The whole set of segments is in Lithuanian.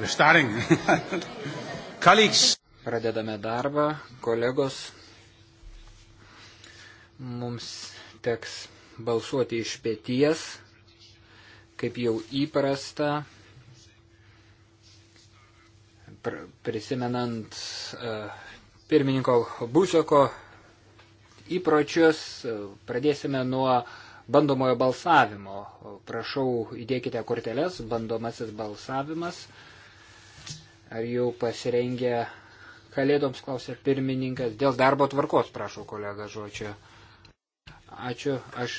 We're starting. Colleagues. Pradedame darbą, kolegos. Mums teks balsuoti iš pėties, kaip jau įprasta, pr prisimenant uh, pirmininko Busoko įpročius, e, pradėsime nuo bandomojo balsavimo. Prašau, įdėkite korteles, bandomasis balsavimas. Ar jau pasirengę kalėdoms, klausė pirmininkas. Dėl darbo tvarkos, prašau, kolega, žodžio. Ačiū, aš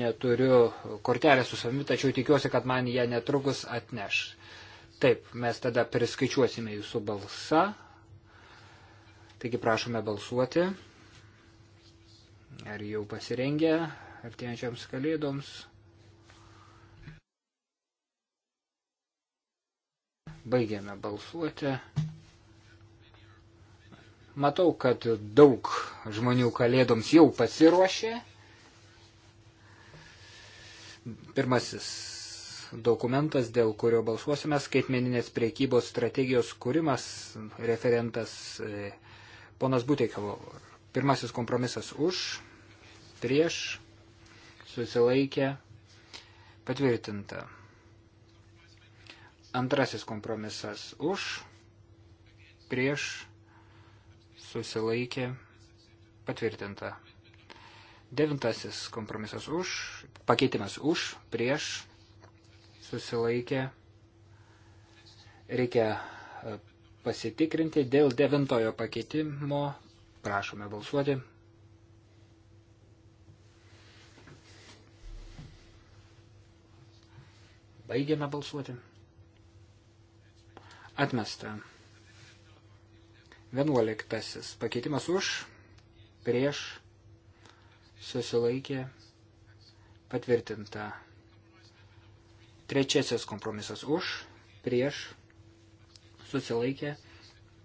neturiu kortelę su savimi, tačiau tikiuosi, kad man ją netrukus atneš. Taip, mes tada priskaičiuosime jūsų balsą. Taigi prašome balsuoti. Ar jau pasirengę artėjančioms kalėdoms? Baigėme balsuoti. Matau, kad daug žmonių kalėdoms jau pasiruošė. Pirmasis dokumentas, dėl kurio balsuosime, skaitmeninės priekybos strategijos kūrimas, referentas e, ponas Buteikovo. Pirmasis kompromisas už, prieš, susilaikė, patvirtinta. Antrasis kompromisas už, prieš, susilaikė, patvirtinta. Devintasis kompromisas už, pakeitimas už, prieš, susilaikė. Reikia e, pasitikrinti dėl devintojo pakeitimo. Prašome balsuoti. Baigiame balsuoti. Atmesta. Vienuoliktasis. Pakeitimas už, prieš, susilaikė, patvirtinta. Trečiasis kompromisas už, prieš, susilaikė,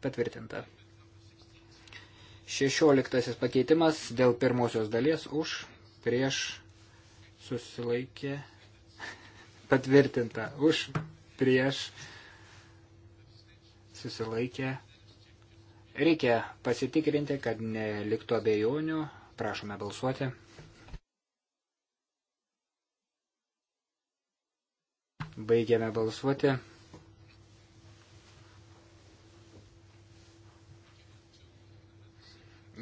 patvirtinta. Šešioliktasis pakeitimas dėl pirmosios dalies už, prieš, susilaikė, patvirtinta. Už, prieš, susilaikė susilaikė. Reikia pasitikrinti, kad neliktų abejonių. Prašome balsuoti. Baigiame balsuoti.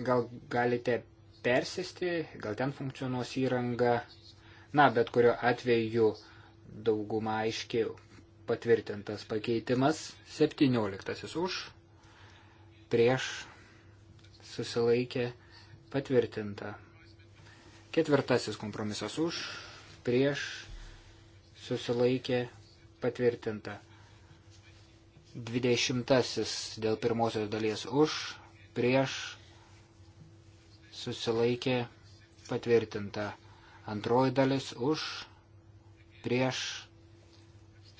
Gal galite persisti, gal ten funkcionuos įranga. Na, bet kurio atveju dauguma aiškiau patvirtintas pakeitimas 17 už, prieš susilaikė patvirtinta. Ketvirtasis kompromisas už, prieš susilaikė patvirtinta. Dvidešimtasis dėl pirmosios dalies už, prieš susilaikė patvirtinta. Antroji dalis už, prieš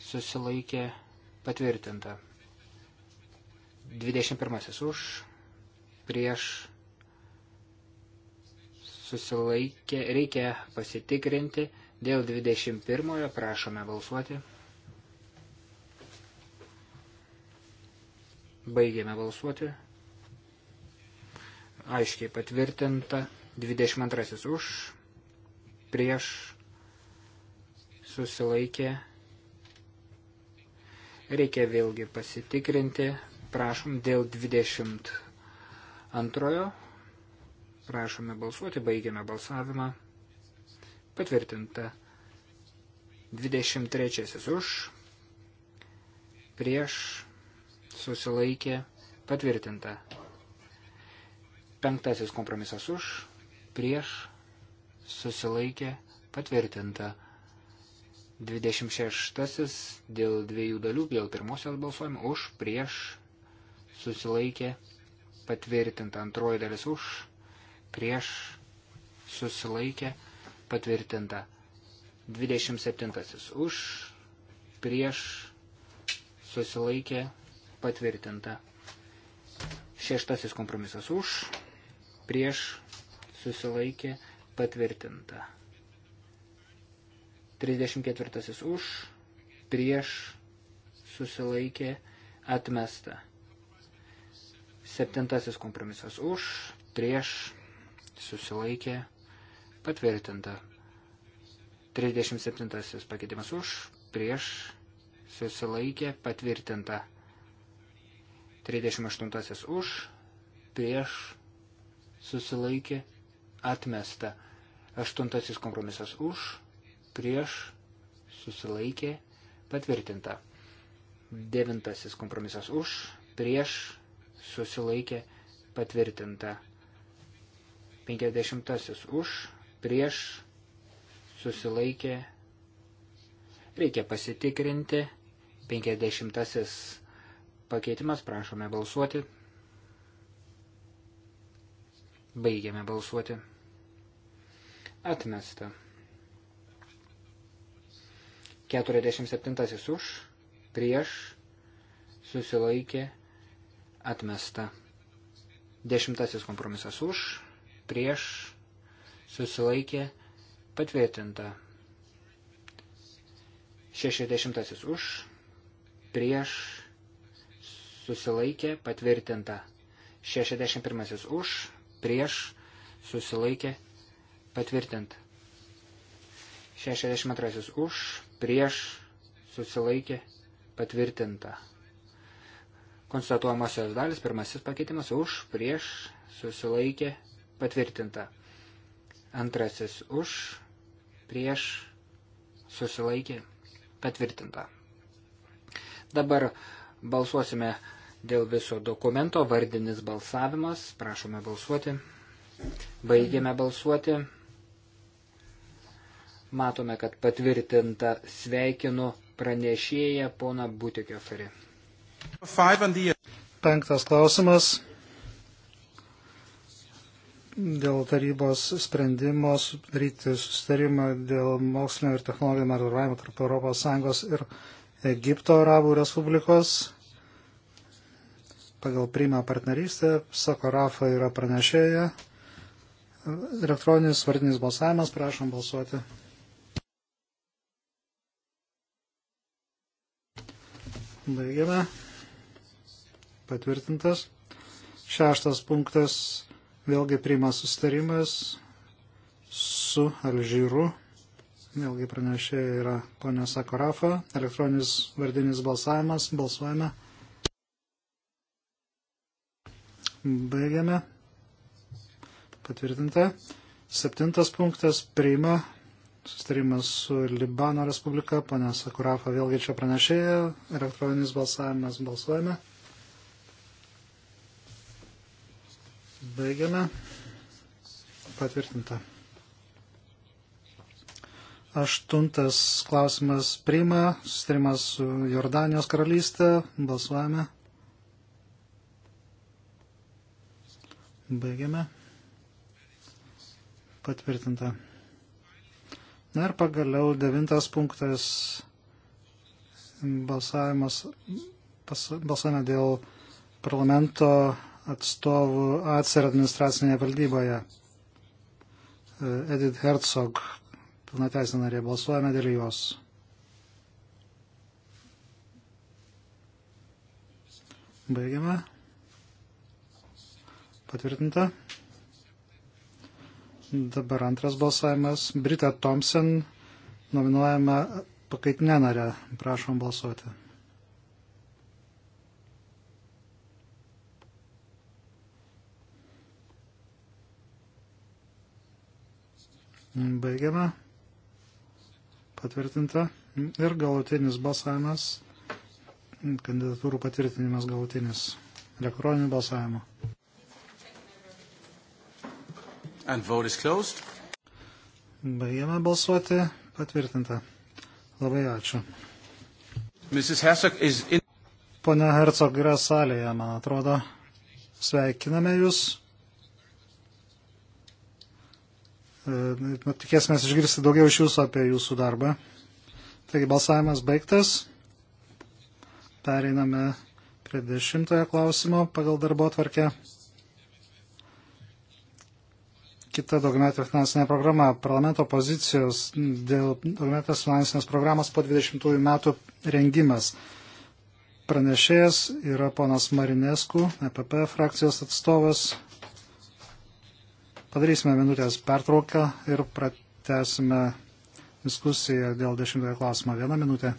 susilaikė patvirtinta. 21 už, prieš susilaikė, reikia pasitikrinti, dėl 21 prašome balsuoti. Baigėme balsuoti. Aiškiai patvirtinta 22 už, prieš susilaikė Reikia vėlgi pasitikrinti. Prašom dėl 22. Prašome balsuoti, baigiame balsavimą. Patvirtinta. 23 už, prieš, susilaikė, patvirtinta. Penktasis kompromisas už, prieš, susilaikė, patvirtinta. 26 dėl dviejų dalių, dėl pirmosios balsuojimo už, prieš, susilaikė, patvirtinta antroji dalis už, prieš, susilaikė, patvirtinta 27 už, prieš, susilaikė, patvirtinta šeštasis kompromisas už, prieš, susilaikė, patvirtinta 34 už, prieš, susilaikė, atmesta. Septintasis kompromisas už, prieš, susilaikė, patvirtinta. 37 pakeitimas už, prieš, susilaikė, patvirtinta. 38 už, prieš, susilaikė, atmesta. Aštuntasis kompromisas už, prieš, susilaikė, patvirtinta. Devintasis kompromisas už, prieš, susilaikė, patvirtinta. Penkiasdešimtasis už, prieš, susilaikė, reikia pasitikrinti. Penkiasdešimtasis pakeitimas, prašome balsuoti. Baigiame balsuoti. Atmesta. 47 už, prieš, susilaikė, atmesta. 10 kompromisas už, prieš, susilaikė, patvirtinta. 60 už, prieš, susilaikė, patvirtinta. 61 už, prieš, susilaikė, patvirtinta. 62 už, prieš susilaikė patvirtinta. Konstatuojamosios dalis, pirmasis pakeitimas už, prieš susilaikė patvirtinta. Antrasis už, prieš susilaikė patvirtinta. Dabar balsuosime dėl viso dokumento, vardinis balsavimas, prašome balsuoti. Baigėme balsuoti. Matome, kad patvirtinta sveikinu pranešėją pona Butikioferį. Penktas klausimas dėl tarybos sprendimo sudaryti susitarimą dėl mokslinio ir technologinio bendradarbiavimo tarp ES ir Egipto Arabų Respublikos pagal priimą partnerystę. Sako Rafa yra pranešėja. Elektroninis vardinis balsavimas, prašom balsuoti. Baigiame. Patvirtintas. Šeštas punktas vėlgi priima sustarimas su Alžyru. Vėlgi pranešė yra ponė Sakorafa. Elektroninis vardinis balsavimas. Balsuojame. Baigiame. Patvirtinta. Septintas punktas priima sustarimas su Libano Respublika, ponė Sakurafa vėlgi čia pranešėja, elektroninis balsavimas balsuojame. Baigiame. Patvirtinta. Aštuntas klausimas priima, sustarimas su Jordanijos karalystė, balsuojame. Baigiame. Patvirtinta. Na ir pagaliau devintas punktas balsavimas, pas, balsavime dėl parlamento atstovų ACER administracinėje valdyboje. E, Edith Herzog, pilnateisė narė, balsuojame dėl jos. Baigiame. Patvirtinta. Dabar antras balsavimas. Brita Thompson nominuojama pakaitinę narę. Prašom balsuoti. Baigiame. Patvirtinta. Ir galutinis balsavimas. Kandidatūrų patvirtinimas galutinis. Elektroniniu balsavimu. And vote is closed. Baigiame balsuoti. Patvirtinta. Labai ačiū. Mrs. Herzog is in... Pone Hercog yra salėje, man atrodo. Sveikiname Jūs. E, nu, Tikėsime išgirsti daugiau iš Jūsų apie Jūsų darbą. Taigi balsavimas baigtas. Pereiname prie dešimtojo klausimo pagal darbo tvarkę kita dokumentų finansinė programa. Parlamento pozicijos dėl dokumentos finansinės programos po 20 metų rengimas. Pranešėjas yra ponas Marinesku, EPP frakcijos atstovas. Padarysime minutės pertrauką ir pratesime diskusiją dėl dešimtojo klausimo. Vieną minutę.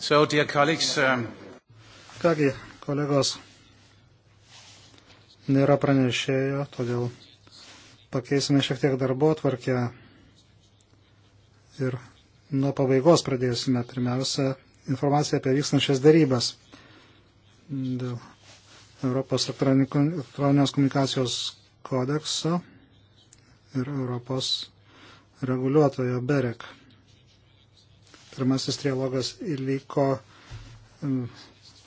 So, dear colleagues, um... Kągi, kolegos, nėra pranešėjo, todėl pakeisime šiek tiek darbo tvarkę ir nuo pabaigos pradėsime pirmiausia informaciją apie vykstančias darybas dėl Europos elektroninės komunikacijos kodekso ir Europos reguliuotojo BEREK. Pirmasis trialogas įvyko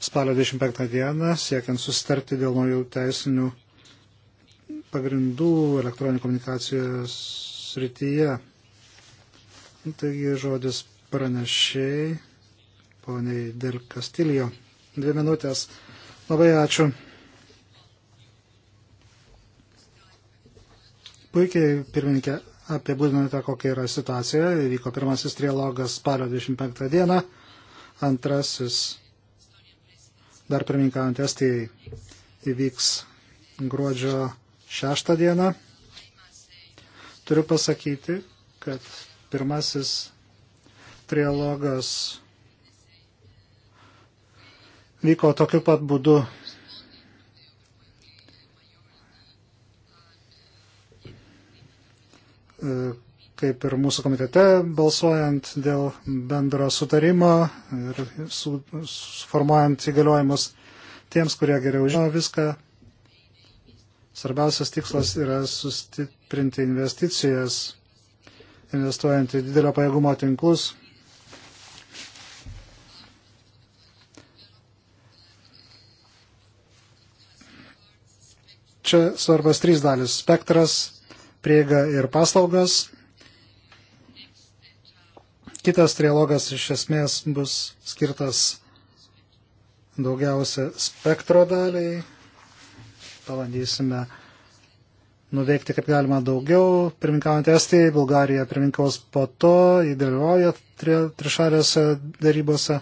spalio 25 dieną, siekiant sustarti dėl naujų teisinių pagrindų elektroninio komunikacijos srityje. Taigi žodis pranešiai, poniai Del Castillo. Dvi minutės. Labai ačiū. Puikiai, pirmininkė, apibūdinate, kokia yra situacija. Įvyko pirmasis trialogas spalio 25 dieną, antrasis dar pirmininkaujant Estijai įvyks gruodžio 6 dieną. Turiu pasakyti, kad pirmasis trialogas vyko tokiu pat būdu kaip ir mūsų komitete, balsuojant dėl bendro sutarimo ir su, suformuojant įgaliojimus tiems, kurie geriau žino viską. Svarbiausias tikslas yra sustiprinti investicijas, investuojant į didelio pajėgumo tinklus. Čia svarbas trys dalis - spektras, prieigą ir paslaugas. Kitas trialogas iš esmės bus skirtas daugiausia spektro daliai. Pabandysime nuveikti kaip galima daugiau. Pirminkaujant Estijai, Bulgarija pirminkaus po to, įdalyvauja trišalėse darybose.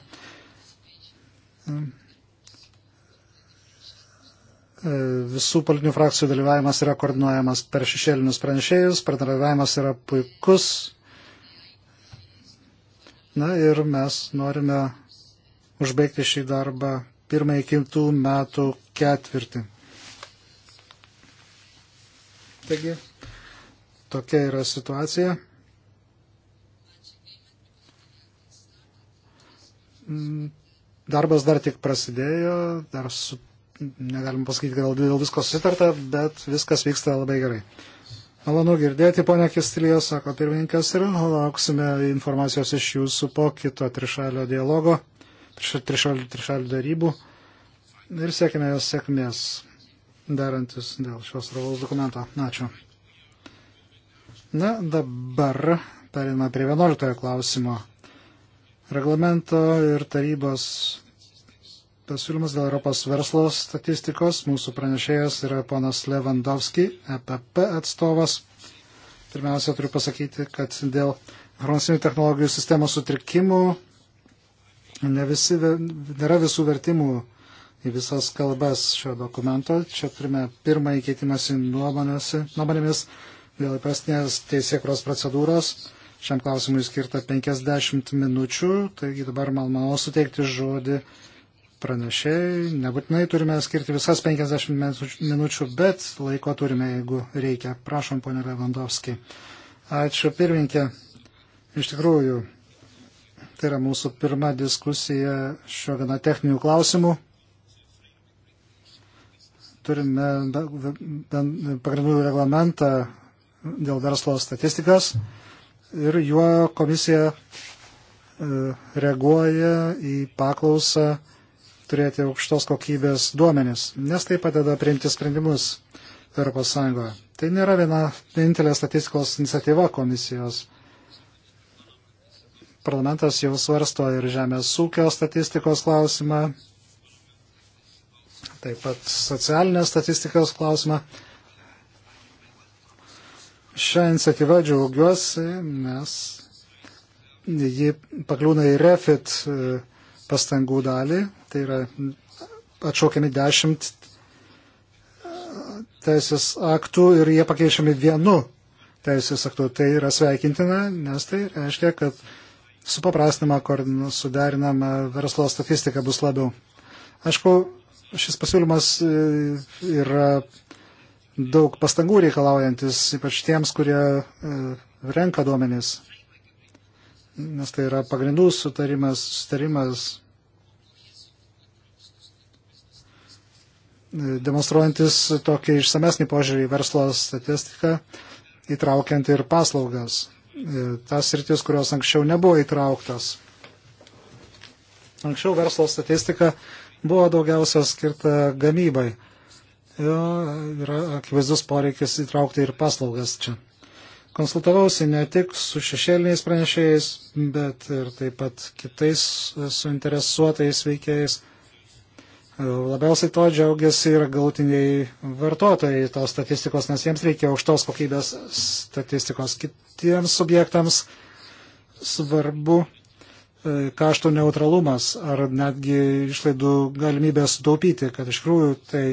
E, visų politinių frakcijų dalyvavimas yra koordinuojamas per šešėlinius pranešėjus, bendradarbiavimas yra puikus. Na ir mes norime užbaigti šį darbą pirmąjį kitų metų ketvirtį. Taigi, tokia yra situacija. Mm, darbas dar tik prasidėjo, dar su negalim pasakyti, kad dėl visko susitarta, bet viskas vyksta labai gerai. Malonu girdėti, ponia Kistilijo, sako pirmininkas, ir lauksime informacijos iš jūsų po kito trišalio dialogo, trišalio, trišalio darybų ir siekime jos sėkmės darantis dėl šios ravaus dokumento. Ačiū. Na, dabar perėmame prie 11 klausimo. Reglamento ir tarybos pasiūlymas dėl Europos verslo statistikos. Mūsų pranešėjas yra ponas Levandovski, EPP atstovas. Pirmiausia, turiu pasakyti, kad dėl informacinių technologijų sistemos sutrikimų ne visi, nėra visų vertimų į visas kalbas šio dokumento. Čia turime pirmąjį keitimąsi nuomonėmis dėl įprastinės teisėkros procedūros. Šiam klausimui skirta 50 minučių, taigi dabar man manau suteikti žodį pranešėjai. Nebūtinai turime skirti visas 50 minučių, bet laiko turime, jeigu reikia. Prašom, ponė Levandovski. Ačiū, pirminkė. Iš tikrųjų, tai yra mūsų pirma diskusija šio gana techninių klausimų. Turime pagrindų reglamentą dėl verslo statistikos ir juo komisija e, reaguoja į paklausą turėti aukštos kokybės duomenis, nes tai padeda priimti sprendimus ES. Tai nėra viena vienintelė statistikos iniciatyva komisijos. Parlamentas jau svarsto ir žemės ūkio statistikos klausimą, taip pat socialinės statistikos klausimą. Šią iniciatyvą džiaugiuosi, nes ji pakliūna į refit e, pastangų dalį tai yra atšaukiami dešimt e, teisės aktų ir jie pakeičiami vienu teisės aktu. Tai yra sveikintina, nes tai reiškia, kad supaprastinama, suderinama verslo statistika bus labiau. Aišku, šis pasiūlymas e, yra daug pastangų reikalaujantis, ypač tiems, kurie e, renka duomenys. Nes tai yra pagrindų sutarimas, sutarimas demonstruojantis tokį išsamesnį požiūrį į verslo statistiką, įtraukiant ir paslaugas. E, tas rytis, kurios anksčiau nebuvo įtrauktas. Anksčiau verslo statistika buvo daugiausia skirta gamybai. Jo, yra akivaizdus poreikis įtraukti ir paslaugas čia. Konsultavausi ne tik su šešėliniais pranešėjais, bet ir taip pat kitais suinteresuotais veikėjais Labiausiai to džiaugiasi ir galutiniai vartotojai tos statistikos, nes jiems reikia aukštos kokybės statistikos. Kitiems subjektams svarbu e, kaštų neutralumas ar netgi išlaidų galimybė sutaupyti, kad iš tikrųjų tai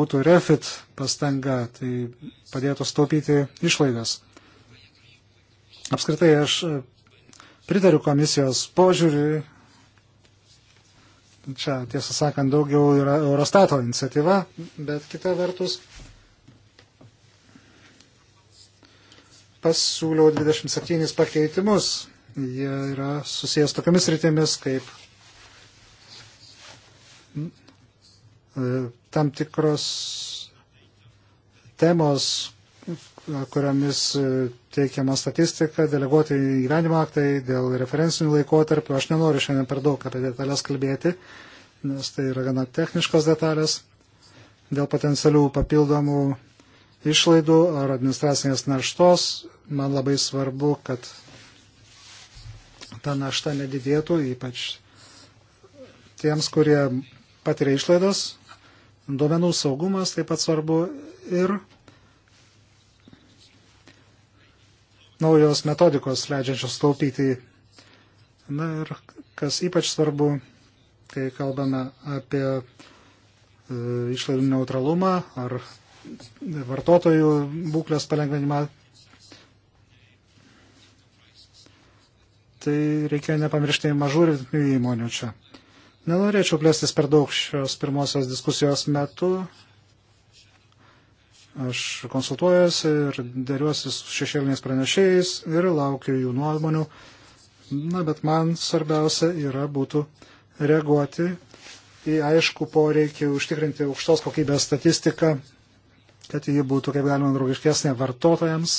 būtų refit pastanga, tai padėtų sutaupyti išlaidas. Apskritai aš e, pritariu komisijos požiūriui čia, tiesą sakant, daugiau yra Eurostato iniciatyva, bet kita vertus pasiūliau 27 pakeitimus. Jie yra susijęs tokiamis rytimis kaip e, tam tikros temos, kuriamis e, teikiama statistika, deleguoti įgyvenimo aktai dėl referencinių laikotarpių. Aš nenoriu šiandien per daug apie detalės kalbėti, nes tai yra gana techniškos detalės. Dėl potencialių papildomų išlaidų ar administracinės naštos man labai svarbu, kad ta našta nedidėtų, ypač tiems, kurie patiria išlaidas. Duomenų saugumas taip pat svarbu ir naujos metodikos leidžiančios taupyti. Na ir kas ypač svarbu, kai kalbame apie e, išlaidų neutralumą ar vartotojų būklės palengvenimą, tai reikia nepamiršti mažų ir vidutinių įmonių čia. Nenorėčiau plėstis per daug šios pirmosios diskusijos metu, Aš konsultuojuosi ir dėriuosi su šešėliniais pranešėjais ir laukiu jų nuomonių. Na, bet man svarbiausia yra būtų reaguoti į aišku poreikį užtikrinti aukštos kokybės statistiką, kad ji būtų kaip galima draugiškesnė vartotojams.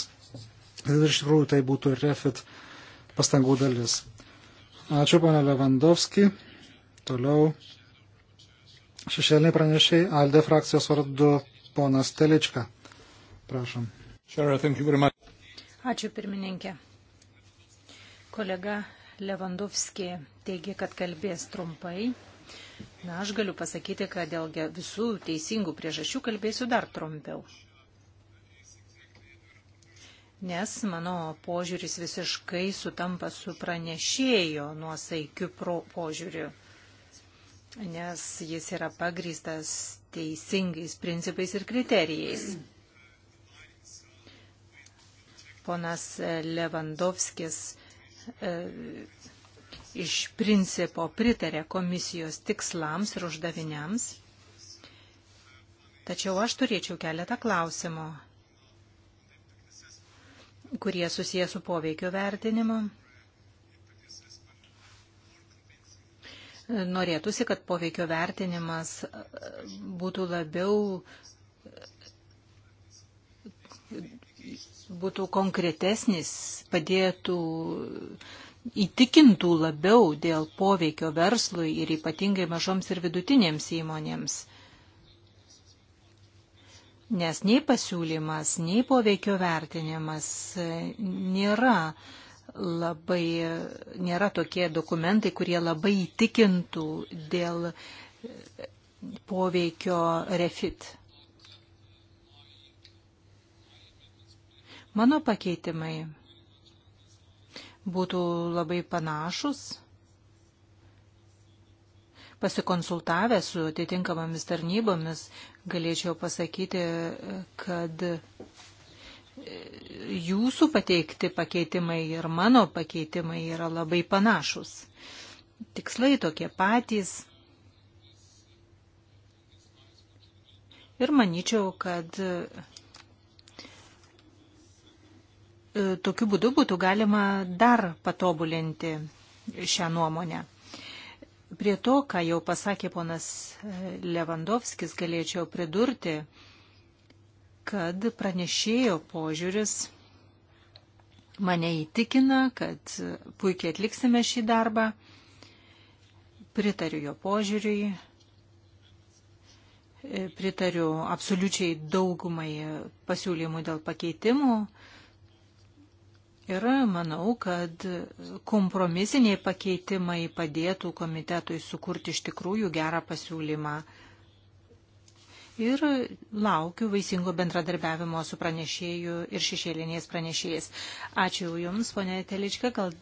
Ir iš tikrųjų tai būtų refit pastangų dalis. Ačiū, pane Levandovski. Toliau. Šešėliniai pranešiai Alde frakcijos vardu ponas Telička. Prašom. Ačiū pirmininkė. Kolega Levandovski teigia, kad kalbės trumpai. Na, aš galiu pasakyti, kad dėl visų teisingų priežasčių kalbėsiu dar trumpiau. Nes mano požiūris visiškai sutampa su pranešėjo nuosaikiu požiūriu nes jis yra pagrįstas teisingais principais ir kriterijais. Ponas e, Levandovskis e, iš principo pritarė komisijos tikslams ir uždaviniams, tačiau aš turėčiau keletą klausimų, kurie susijęs su poveikio vertinimu norėtųsi, kad poveikio vertinimas e, būtų labiau e, būtų konkretesnis, padėtų įtikintų labiau dėl poveikio verslui ir ypatingai mažoms ir vidutinėms įmonėms. Nes nei pasiūlymas, nei poveikio vertinimas e, nėra uh, labai, nėra tokie dokumentai, kurie labai įtikintų dėl poveikio refit. Mano pakeitimai būtų labai panašus pasikonsultavę su atitinkamomis tarnybomis, galėčiau pasakyti, kad jūsų pateikti pakeitimai ir mano pakeitimai yra labai panašus. Tikslai tokie patys. Ir manyčiau, kad e, tokiu būdu būtų galima dar patobulinti šią nuomonę. Prie to, ką jau pasakė ponas Levandovskis, galėčiau pridurti, kad pranešėjo požiūris mane įtikina, kad puikiai atliksime šį darbą. Pritariu jo požiūriui, pritariu absoliučiai daugumai pasiūlymų dėl pakeitimų. Ir manau, kad kompromisiniai pakeitimai padėtų komitetui sukurti iš tikrųjų gerą pasiūlymą ir laukiu vaisingo bendradarbiavimo su pranešėju ir šešėliniais pranešėjais. Ačiū Jums, ponė Telička, gal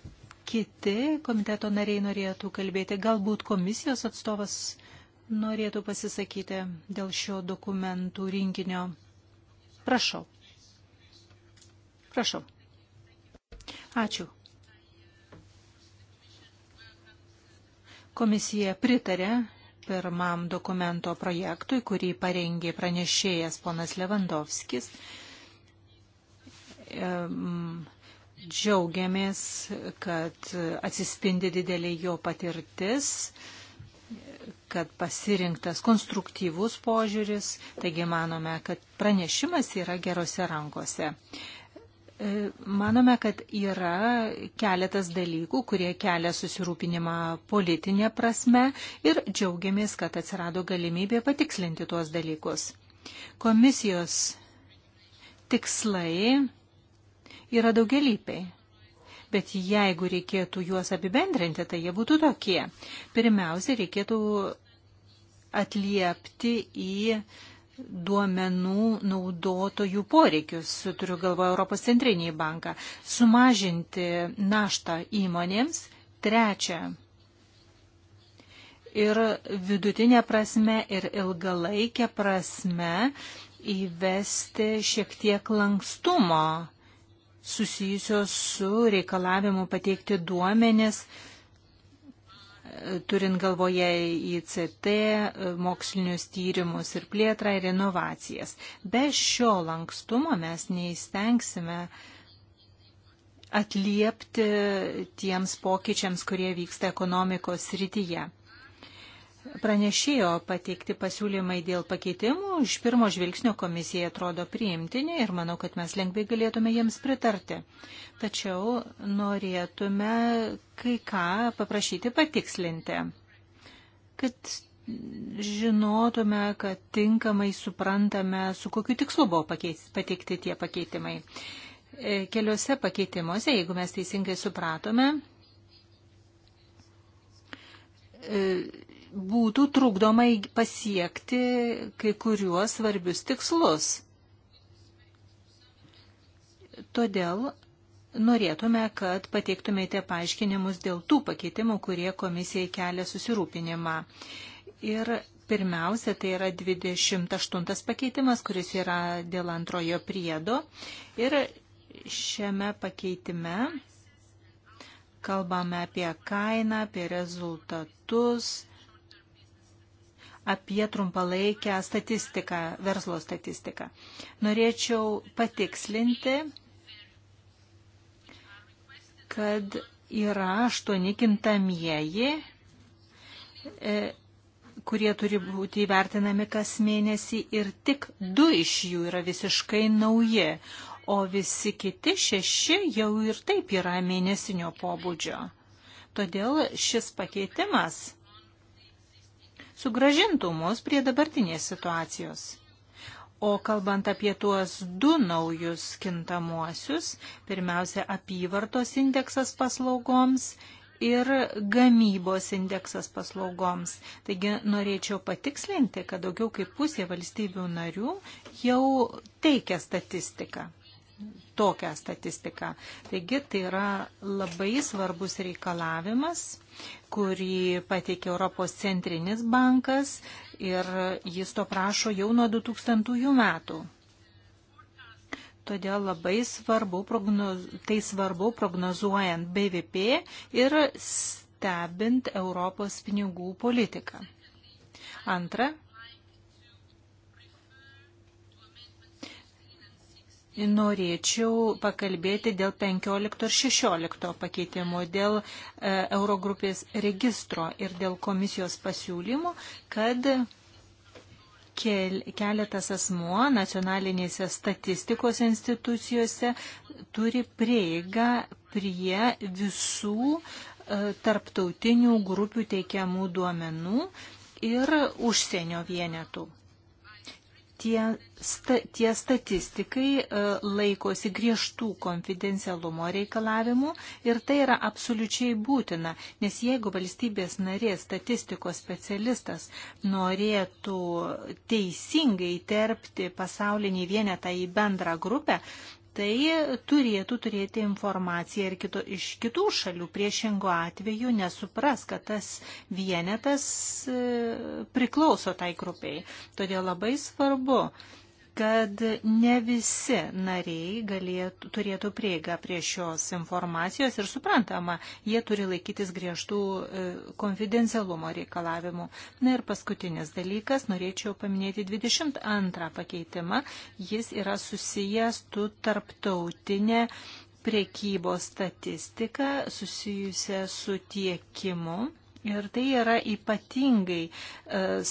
kiti komiteto nariai norėtų kalbėti, galbūt komisijos atstovas norėtų pasisakyti dėl šio dokumentų rinkinio. Prašau. Prašau. Ačiū. Komisija pritarė pirmam dokumento projektui, kurį parengė pranešėjas ponas Levandovskis. Džiaugiamės, kad atsispindi didelį jo patirtis kad pasirinktas konstruktyvus požiūris, taigi manome, kad pranešimas yra gerose rankose. E, manome, kad yra keletas dalykų, kurie kelia susirūpinimą politinė prasme ir džiaugiamės, kad atsirado galimybė patikslinti tuos dalykus. Komisijos tikslai yra daugelypiai, bet jeigu reikėtų juos apibendrinti, tai jie būtų tokie. Pirmiausia, reikėtų atliepti į duomenų naudotojų poreikius, turiu galvoje Europos centrinį banką, sumažinti naštą įmonėms, trečia, ir vidutinė prasme, ir ilgalaikė prasme įvesti šiek tiek lankstumo susijusios su reikalavimu pateikti duomenis, turint galvoje ICT, mokslinius tyrimus ir plėtrą ir inovacijas. Be šio lankstumo mes neįstengsime atliepti tiems pokyčiams, kurie vyksta ekonomikos srityje pranešėjo pateikti pasiūlymai dėl pakeitimų iš pirmo žvilgsnio komisija atrodo priimtini ir manau, kad mes lengvai galėtume jiems pritarti. Tačiau norėtume kai ką paprašyti patikslinti, kad žinotume, kad tinkamai suprantame, su kokiu tikslu buvo pateikti tie pakeitimai. E, keliuose pakeitimuose, jeigu mes teisingai supratome, e, būtų trukdomai pasiekti kai kuriuos svarbius tikslus. Todėl norėtume, kad pateiktumėte paaiškinimus dėl tų pakeitimų, kurie komisijai kelia susirūpinimą. Ir pirmiausia, tai yra 28 pakeitimas, kuris yra dėl antrojo priedo. Ir šiame pakeitime kalbame apie kainą, apie rezultatus apie trumpalaikę statistiką, verslo statistiką. Norėčiau patikslinti, kad yra aštuoni kintamieji, e, kurie turi būti įvertinami kas mėnesį ir tik du iš jų yra visiškai nauji, o visi kiti šeši jau ir taip yra mėnesinio pobūdžio. Todėl šis pakeitimas sugražintų mus prie dabartinės situacijos. O kalbant apie tuos du naujus kintamuosius, pirmiausia, apyvartos indeksas paslaugoms ir gamybos indeksas paslaugoms. Taigi norėčiau patikslinti, kad daugiau kaip pusė valstybių narių jau teikia statistiką tokią statistiką. Taigi tai yra labai svarbus reikalavimas, kurį pateikė Europos centrinis bankas ir jis to prašo jau nuo 2000 metų. Todėl labai svarbu, prognoz, tai svarbu prognozuojant BVP ir stebint Europos pinigų politiką. Antra, norėčiau pakalbėti dėl 15 ir 16 pakeitimų, dėl e, Eurogrupės registro ir dėl komisijos pasiūlymų, kad keletas asmuo nacionalinėse statistikos institucijose turi prieigą prie visų e, tarptautinių grupių teikiamų duomenų ir užsienio vienetų tie, sta, tie statistikai e, laikosi griežtų konfidencialumo reikalavimų ir tai yra absoliučiai būtina, nes jeigu valstybės narės statistikos specialistas norėtų teisingai terpti pasaulinį vienetą į bendrą grupę, tai turėtų turėti informaciją ir kito, iš kitų šalių. Priešingo atveju nesupras, kad tas vienetas e, priklauso tai grupiai. Todėl labai svarbu kad ne visi nariai galėtų, turėtų prieigą prie šios informacijos ir suprantama, jie turi laikytis griežtų e, konfidencialumo reikalavimų. Na ir paskutinis dalykas, norėčiau paminėti 22 pakeitimą. Jis yra susijęs su tarptautinė priekybos statistika susijusia su tiekimu Ir tai yra ypatingai e,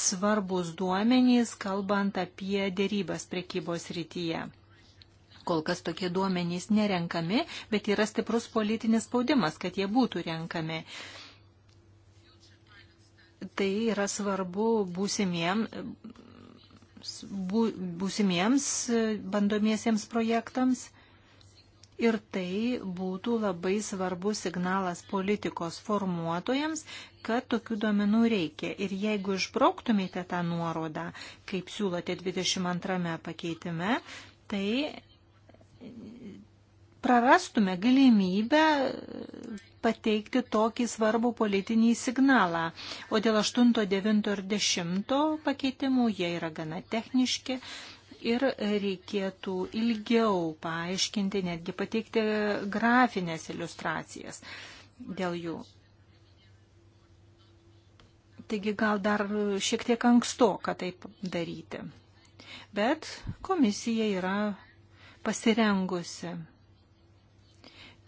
svarbus duomenys, kalbant apie dėrybas prekybos rytyje. Kol kas tokie duomenys nerenkami, bet yra stiprus politinis spaudimas, kad jie būtų renkami. Tai yra svarbu būsimiem, bū, būsimiems e, bandomiesiems projektams Ir tai būtų labai svarbus signalas politikos formuotojams, kad tokių duomenų reikia. Ir jeigu išbrauktumėte tą nuorodą, kaip siūlote 22 pakeitime, tai prarastume galimybę pateikti tokį svarbų politinį signalą. O dėl 8, 9 ir 10 pakeitimų jie yra gana techniški ir reikėtų ilgiau paaiškinti, netgi pateikti grafinės iliustracijas dėl jų. Taigi gal dar šiek tiek anksto, kad taip daryti. Bet komisija yra pasirengusi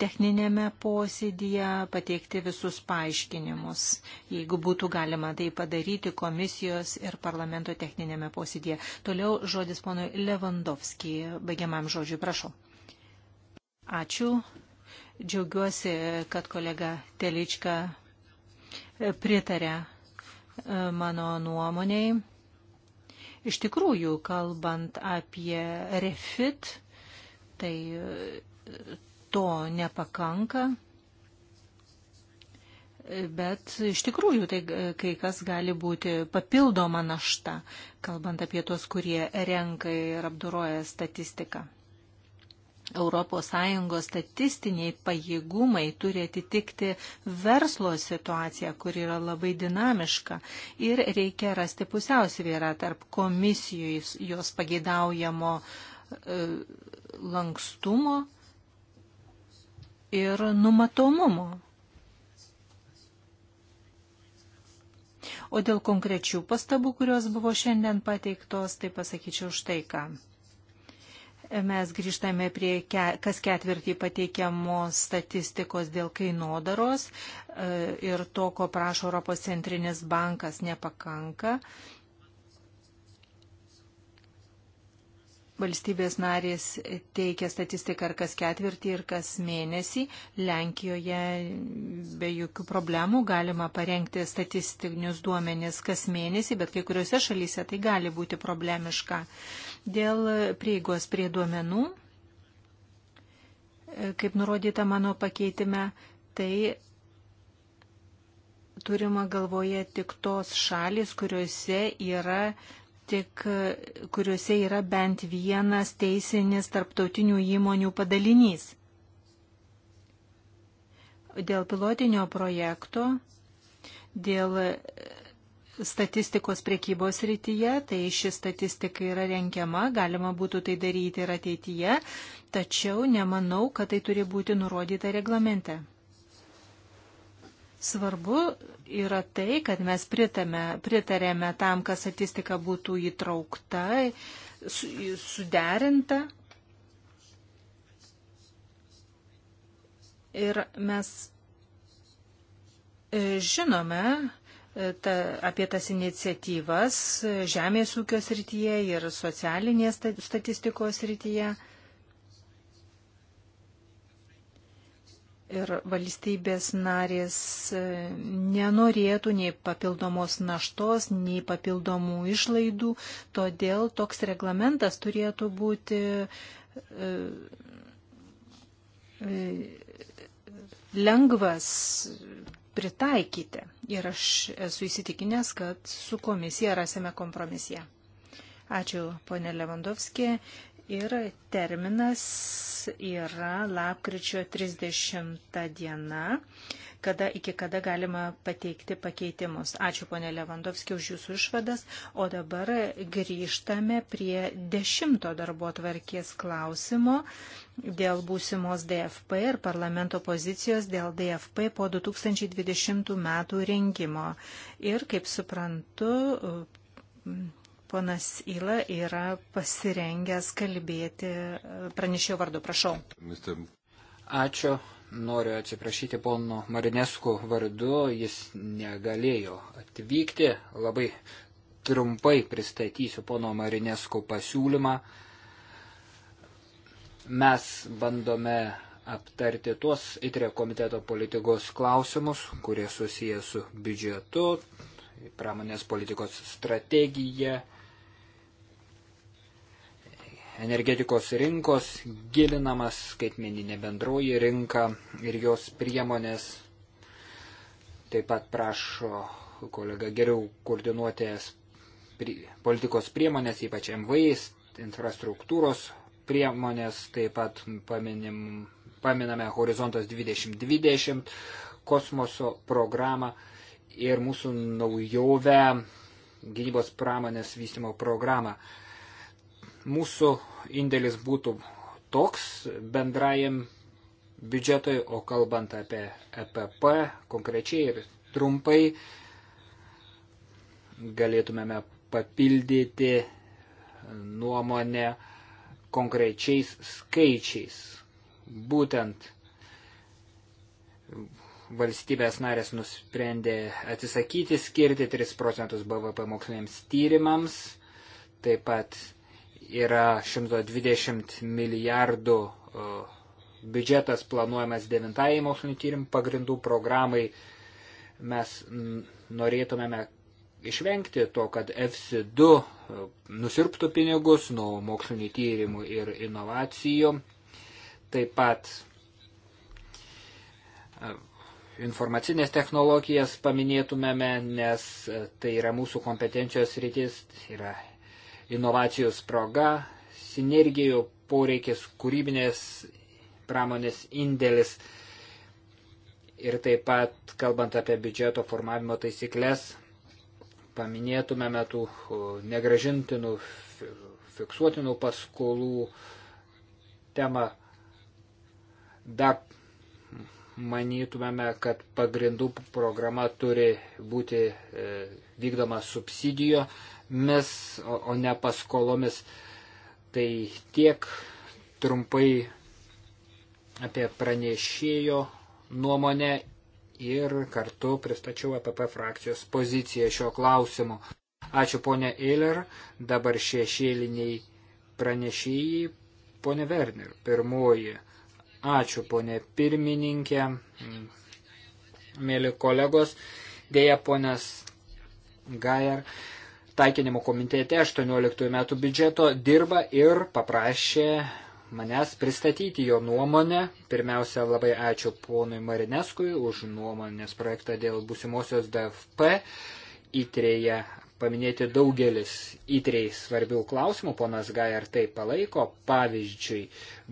techninėme posėdėje pateikti visus paaiškinimus, jeigu būtų galima tai padaryti komisijos ir parlamento techninėme posėdėje. Toliau žodis ponui Levandovskį, baigiamam žodžiui, prašau. Ačiū. Džiaugiuosi, kad kolega Telička pritarė e, mano nuomonėjai. Iš tikrųjų, kalbant apie refit, tai to nepakanka, bet iš tikrųjų tai kai kas gali būti papildoma našta, kalbant apie tos, kurie renka ir apdoroja statistiką. ES statistiniai pajėgumai turi atitikti verslo situaciją, kur yra labai dinamiška ir reikia rasti pusiausvyrą tarp komisijos jos pageidaujamo e, lankstumo ir numatomumo. O dėl konkrečių pastabų, kurios buvo šiandien pateiktos, tai pasakyčiau štai ką. Mes grįžtame prie ke, kas ketvirtį pateikiamos statistikos dėl kainodaros e, ir to, ko prašo Europos centrinis bankas, nepakanka. valstybės narės teikia statistiką ar kas ketvirtį, ir kas mėnesį. Lenkijoje be jokių problemų galima parengti statistinius duomenis kas mėnesį, bet kai kuriuose šalyse tai gali būti problemiška. Dėl prieigos prie duomenų, kaip nurodyta mano pakeitime, tai turima galvoje tik tos šalis, kuriuose yra tik kuriuose yra bent vienas teisinis tarptautinių įmonių padalinys. Dėl pilotinio projekto, dėl statistikos priekybos rytyje, tai ši statistika yra renkiama, galima būtų tai daryti ir ateityje, tačiau nemanau, kad tai turi būti nurodyta reglamente. Svarbu yra tai, kad mes pritame, pritarėme tam, kad statistika būtų įtraukta, su, suderinta. Ir mes e, žinome e, ta, apie tas iniciatyvas e, žemės ūkio srityje ir socialinės statistikos srityje. ir valstybės narės e, nenorėtų nei papildomos naštos, nei papildomų išlaidų, todėl toks reglamentas turėtų būti e, e, lengvas pritaikyti. Ir aš esu įsitikinęs, kad su komisija rasime kompromisiją. Ačiū, ponė Levandovskė ir terminas yra lapkričio 30 diena, kada iki kada galima pateikti pakeitimus. Ačiū ponė Levandovski už jūsų išvadas, o dabar grįžtame prie dešimto darbo tvarkės klausimo dėl būsimos DFP ir parlamento pozicijos dėl DFP po 2020 metų rengimo. Ir, kaip suprantu, Ponas Ila yra pasirengęs kalbėti e, pranešėjo vardu. Prašau. Ačiū. Noriu atsiprašyti pono Marinesku vardu. Jis negalėjo atvykti. Labai trumpai pristatysiu pono Marinesku pasiūlymą. Mes bandome aptarti tuos ITRE komiteto politikos klausimus, kurie susiję su biudžetu, pramonės politikos strategija, energetikos rinkos, gilinamas skaitmeninė bendroji rinka ir jos priemonės. Taip pat prašo kolega geriau koordinuotės politikos priemonės, ypač MVI, infrastruktūros priemonės, taip pat paminim, paminame Horizontas 2020, kosmoso programą ir mūsų naujovę gynybos pramonės vystimo programą. Mūsų indėlis būtų toks bendrajam biudžetui, o kalbant apie EPP konkrečiai ir trumpai, galėtumėme papildyti nuomonę konkrečiais skaičiais. Būtent valstybės narės nusprendė atsisakyti skirti 3 procentus BVP moksliniams tyrimams, taip pat yra 120 milijardų biudžetas planuojamas devintajai mokslinio tyrimų pagrindų programai. Mes norėtumėme išvengti to, kad FC2 nusirptų pinigus nuo mokslinio tyrimų ir inovacijų. Taip pat informacinės technologijas paminėtumėme, nes tai yra mūsų kompetencijos rytis, yra inovacijos proga, sinergijų poreikis, kūrybinės pramonės indėlis ir taip pat, kalbant apie biudžeto formavimo taisyklės, paminėtumėme tų negražintinų fiksuotinų paskolų temą. Dar manytumėme, kad pagrindų programa turi būti e, vykdoma subsidijo pajamomis, o, o ne paskolomis. Tai tiek trumpai apie pranešėjo nuomonę ir kartu pristačiau APP e frakcijos poziciją šio klausimu. Ačiū ponė Eiler, dabar šešėliniai pranešėjai, ponė Werner, pirmoji. Ačiū ponė pirmininkė, mėly kolegos, dėja ponės Gajar taikinimo komitete 18 metų biudžeto dirba ir paprašė manęs pristatyti jo nuomonę. Pirmiausia, labai ačiū ponui Marineskui už nuomonės projektą dėl būsimosios DFP. Įtrėje paminėti daugelis įtrėj svarbių klausimų, ponas Gajar tai palaiko, pavyzdžiui,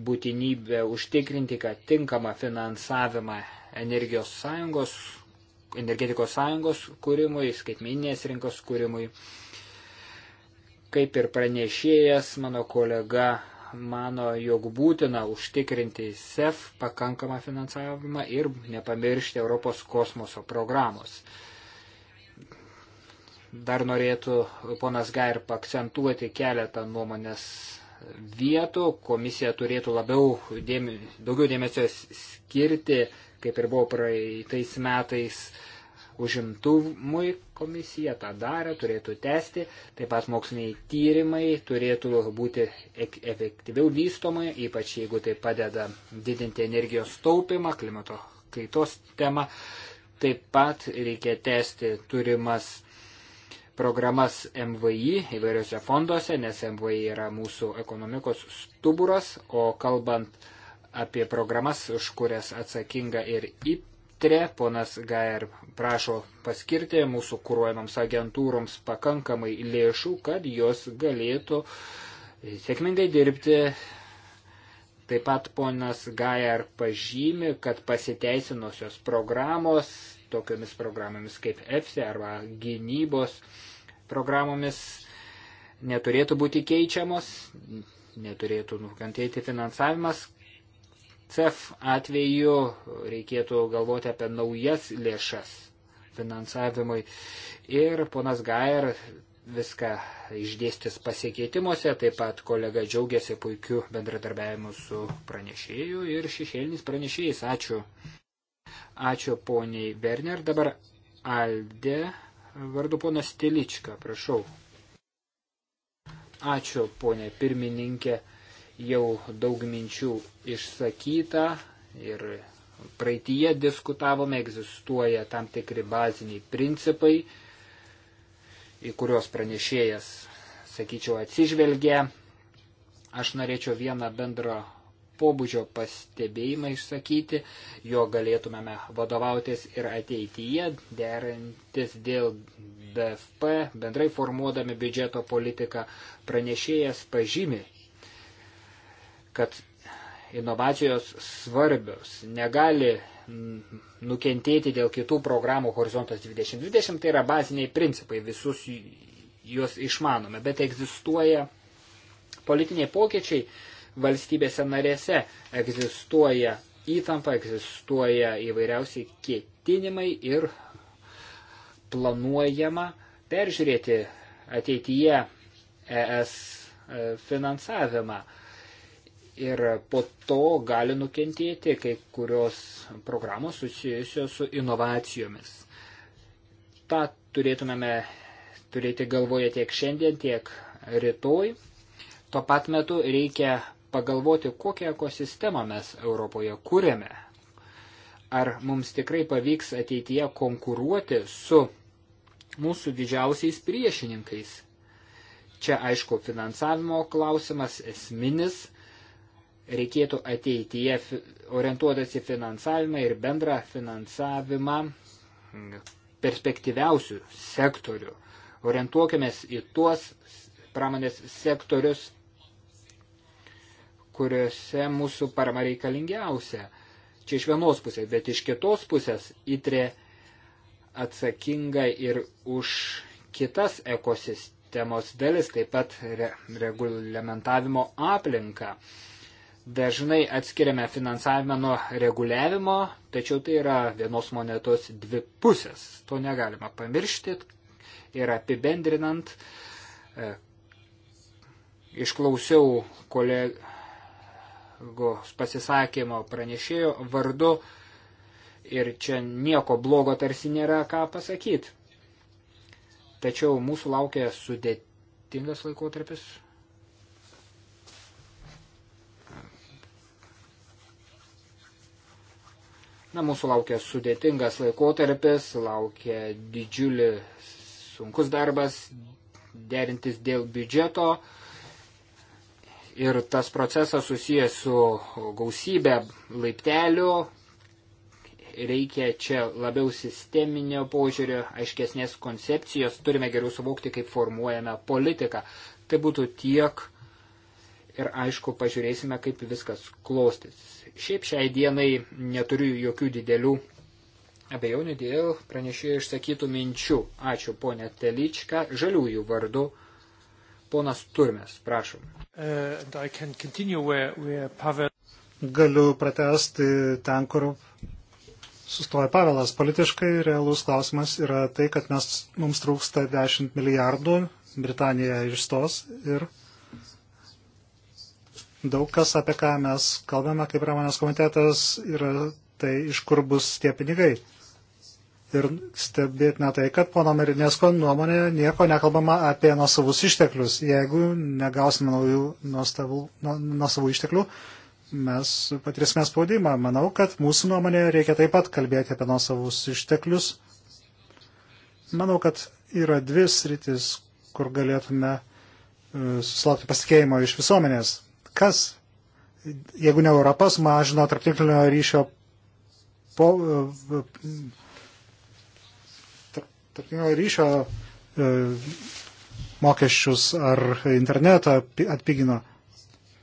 būtinybė užtikrinti, kad tinkamą finansavimą energijos sąjungos energetikos sąjungos kūrimui, skaitmeninės rinkos kūrimui. Kaip ir pranešėjas, mano kolega mano, jog būtina užtikrinti SEF pakankamą finansavimą ir nepamiršti Europos kosmoso programos. Dar norėtų ponas Gair pakcentuoti keletą nuomonės vietų. Komisija turėtų labiau dėmi, daugiau dėmesio skirti kaip ir buvo praeitais metais užimtumui komisija tą darė, turėtų tęsti, taip pat moksliniai tyrimai turėtų būti efektyviau vystomai, ypač jeigu tai padeda didinti energijos taupimą, klimato kaitos temą, taip pat reikia tęsti turimas programas MVI įvairiose fonduose, nes MVI yra mūsų ekonomikos stuburas, o kalbant apie programas, už kurias atsakinga ir ITRE. Ponas Gair prašo paskirti mūsų kūruojamams agentūroms pakankamai lėšų, kad jos galėtų sėkmingai dirbti. Taip pat ponas Gair pažymi, kad pasiteisinusios programos, tokiomis programomis kaip EFSE arba gynybos programomis, neturėtų būti keičiamos, neturėtų nukentėti finansavimas, CEF atveju reikėtų galvoti apie naujas lėšas finansavimui. Ir ponas Gair viską išdėstis pasikeitimuose, taip pat kolega džiaugiasi puikiu bendradarbiavimu su pranešėju ir šešėlinis pranešėjais. Ačiū. Ačiū poniai Werner. Dabar Alde, vardu ponas Telička, prašau. Ačiū ponė pirmininkė jau daug minčių išsakyta ir praeitie diskutavome, egzistuoja tam tikri baziniai principai, į kuriuos pranešėjas, sakyčiau, atsižvelgia. Aš norėčiau vieną bendrą pobūdžio pastebėjimą išsakyti, jo galėtumėme vadovautis ir ateityje, derintis dėl DFP, bendrai formuodami biudžeto politiką, pranešėjas pažymi kad inovacijos svarbios, negali nukentėti dėl kitų programų Horizontas 2020, tai yra baziniai principai, visus juos išmanome, bet egzistuoja politiniai pokyčiai valstybėse narėse, egzistuoja įtampa, egzistuoja įvairiausiai ketinimai ir planuojama peržiūrėti ateityje ES finansavimą ir po to gali nukentėti kai kurios programos susijusios su inovacijomis. Ta turėtumėme turėti galvoje tiek šiandien, tiek rytoj. Tuo pat metu reikia pagalvoti, kokią ekosistemą mes Europoje kūrėme. Ar mums tikrai pavyks ateityje konkuruoti su mūsų didžiausiais priešininkais. Čia aišku finansavimo klausimas esminis, reikėtų ateityje orientuotas į finansavimą ir bendrą finansavimą perspektyviausių sektorių. Orientuokimės į tuos pramonės sektorius, kuriuose mūsų parama reikalingiausia. Čia iš vienos pusės, bet iš kitos pusės įtrė atsakinga ir už kitas ekosistemos dalis, taip pat re, reglamentavimo aplinką. Dažnai atskiriame finansavimą nuo reguliavimo, tačiau tai yra vienos monetos dvi pusės. To negalima pamiršti ir apibendrinant. E, išklausiau kolegos pasisakymo pranešėjo vardu ir čia nieko blogo tarsi nėra ką pasakyti. Tačiau mūsų laukia sudėtingas laikotarpis, Na, mūsų laukia sudėtingas laikotarpis, laukia didžiulis sunkus darbas derintis dėl biudžeto. Ir tas procesas susijęs su gausybė laiptelių. Reikia čia labiau sisteminio požiūrio, aiškesnės koncepcijos. Turime geriau suvokti, kaip formuojame politiką. Tai būtų tiek ir aišku, pažiūrėsime, kaip viskas klostis. Šiaip šiai dienai neturiu jokių didelių abejonių dėl pranešėjo išsakytų minčių. Ačiū ponė Telička, žaliųjų vardu. Ponas Turmes, prašom. Uh, where, where Pavel... Galiu pratesti ten, kur sustoja Pavelas. Politiškai realus klausimas yra tai, kad mes, mums trūksta 10 milijardų, Britanija išstos ir daug kas, apie ką mes kalbame kaip pramonės komitetas, yra tai, iš kur bus tie pinigai. Ir stebėtina tai, kad pono Merinesko nuomonė nieko nekalbama apie nuosavus išteklius. Jeigu negausime naujų nuosavų nu, išteklių, mes patirsime spaudimą. Manau, kad mūsų nuomonė reikia taip pat kalbėti apie nuosavus išteklius. Manau, kad yra dvi sritis, kur galėtume e, susilaukti pasitikėjimo iš visuomenės kas, jeigu ne Europa, sumažino tarptinklinio ryšio po, e, e, tarptinklinio ryšio e, mokesčius ar internetą atpigino.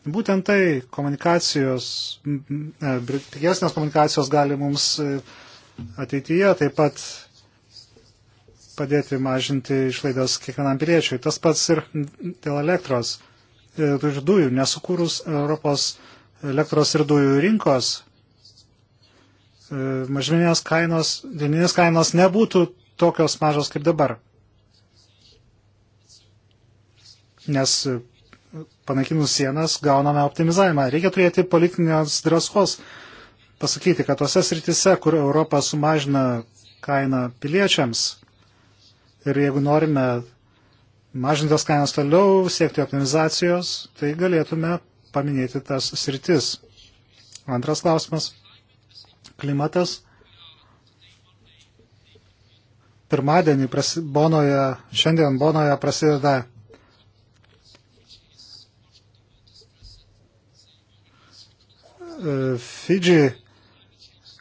Būtent tai komunikacijos, pigesnės komunikacijos gali mums ateityje taip pat padėti mažinti išlaidas kiekvienam piliečiui. Tas pats ir dėl elektros. E, ir dujų, nesukūrus Europos elektros ir dujų rinkos, e, mažmeninės kainos, dieninės kainos nebūtų tokios mažos kaip dabar. Nes e, panaikinus sienas gauname optimizavimą. Reikia turėti politinės drąsos pasakyti, kad tose sritise, kur Europa sumažina kainą piliečiams ir jeigu norime mažintas kainas toliau, siekti optimizacijos, tai galėtume paminėti tas sritis. Antras klausimas. Klimatas. Pirmadienį pras, Bonoje, šiandien Bonoje prasideda Fidži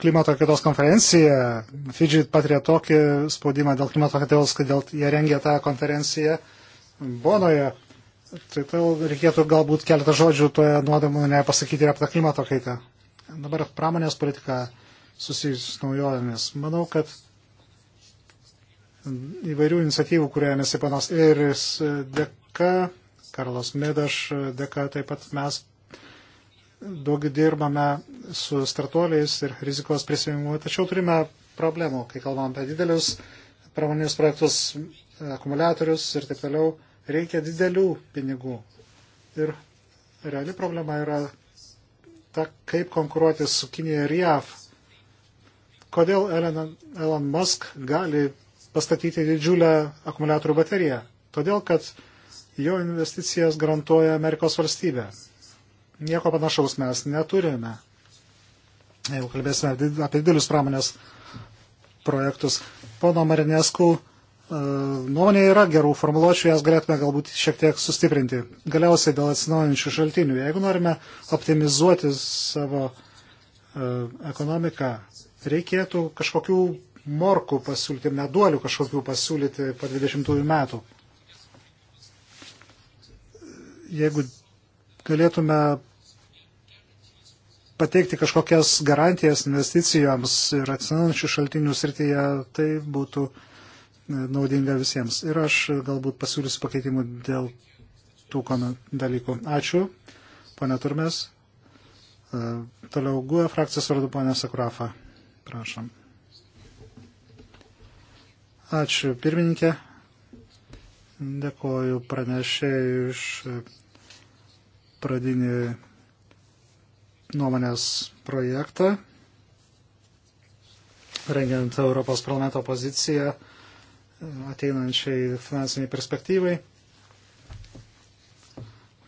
klimato kaitos konferencija. Fidži patiria tokį spaudimą dėl klimato kaitos, kad dėl jie rengia tą konferenciją Bonoje, tai tau reikėtų galbūt keletą žodžių toje nuodėmonėje pasakyti ir apie tą klimato kaitą. Dabar pramonės politika susijusi su naujovėmis. Manau, kad įvairių iniciatyvų, kurie nesipanos ir dėka, Karlos Midaš dėka taip pat mes daug dirbame su startuoliais ir rizikos prisimimu, tačiau turime problemų, kai kalbam apie didelius pramoninius projektus, akumuliatorius ir taip toliau. Reikia didelių pinigų. Ir reali problema yra ta, kaip konkuruoti su Kinija ir JAV. Kodėl Elon, Elon Musk gali pastatyti didžiulę akumuliatorių bateriją? Todėl, kad jo investicijas garantuoja Amerikos valstybė. Nieko panašaus mes neturime. Jeigu kalbėsime apie didelius pramonės projektus, pono Marinesku E, nuomonėje yra gerų formuluočių, jas galėtume galbūt šiek tiek sustiprinti. Galiausiai dėl atsinaujančių šaltinių. Jeigu norime optimizuoti savo e, ekonomiką, reikėtų kažkokių morkų pasiūlyti, meduolių kažkokių pasiūlyti po 20 metų. Jeigu galėtume pateikti kažkokias garantijas investicijoms ir atsinaujančių šaltinių srityje, tai būtų uh, naudinga visiems. Ir aš galbūt pasiūlysiu pakeitimų dėl tų dalykų. Ačiū, ponė Turmes. E, toliau GUE frakcijos vardu ponė Sakurafa. Prašom. Ačiū, pirmininkė. Dėkoju pranešėjui iš e, pradinį nuomonės projektą, rengiant Europos parlamento poziciją ateinančiai finansiniai perspektyvai.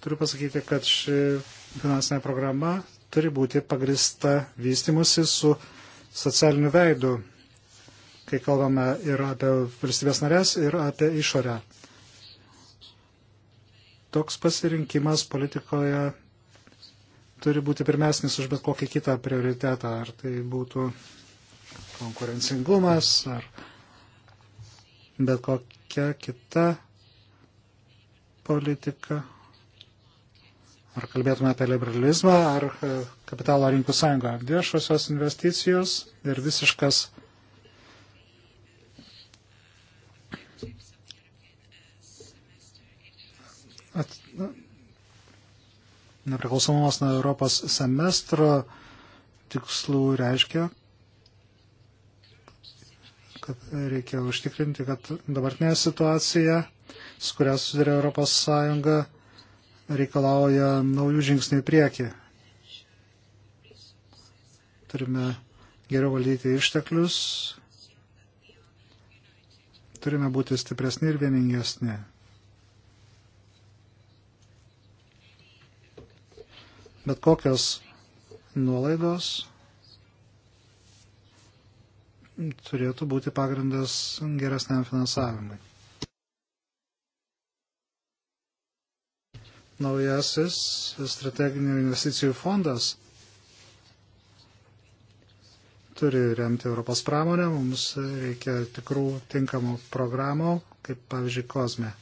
Turiu pasakyti, kad ši finansinė programa turi būti pagrista vystimusi su socialiniu veidu, kai kalbame ir apie valstybės narės, ir apie išorę. Toks pasirinkimas politikoje turi būti pirmesnis už bet kokį kitą prioritetą, ar tai būtų konkurencingumas, ar bet kokia kita politika. Ar kalbėtume apie liberalizmą, ar e, kapitalo rinkų sąjungą. Viešosios investicijos ir visiškas at, nepriklausomumas nuo Europos semestro tikslų reiškia, kad reikia užtikrinti, kad dabartinė situacija, su kuria susiduria Europos Sąjunga, reikalauja naujų žingsnių į priekį. Turime geriau valdyti išteklius, turime būti stipresni ir vieningesni. Bet kokios nuolaidos turėtų būti pagrindas geresniam finansavimui. Naujasis strateginių investicijų fondas turi remti Europos pramonę, mums reikia tikrų tinkamų programų, kaip pavyzdžiui Kozme.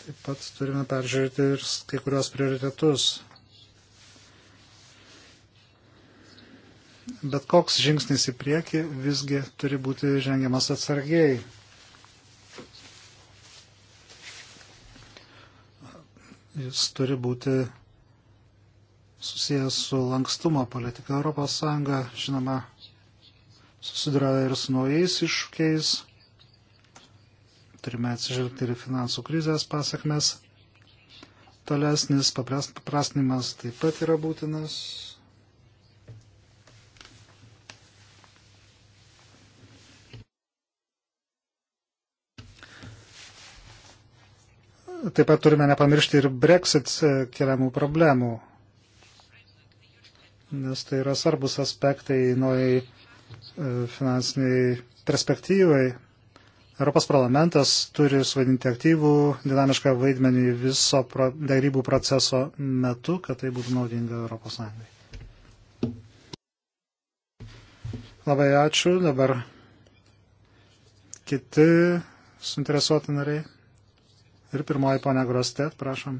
Taip pat turime peržiūrėti ir kai kurios prioritetus bet koks žingsnis į priekį visgi turi būti žengiamas atsargiai. Jis turi būti susijęs su lankstumo politika. Europos Sąjunga, žinoma, susiduria ir su naujais iššūkiais. Turime atsižvelgti ir finansų krizės pasakmes. Tolesnis paprastinimas taip pat yra būtinas taip pat turime nepamiršti ir Brexit e, keliamų problemų, nes tai yra svarbus aspektai nuoj e, finansiniai perspektyvai. Europos parlamentas turi suvaidinti aktyvų, dinamišką vaidmenį viso pro, darybų proceso metu, kad tai būtų naudinga Europos Sąjungai. Labai ačiū. Dabar kiti suinteresuoti nariai. Ir pirmoji ponia Grostet, prašom.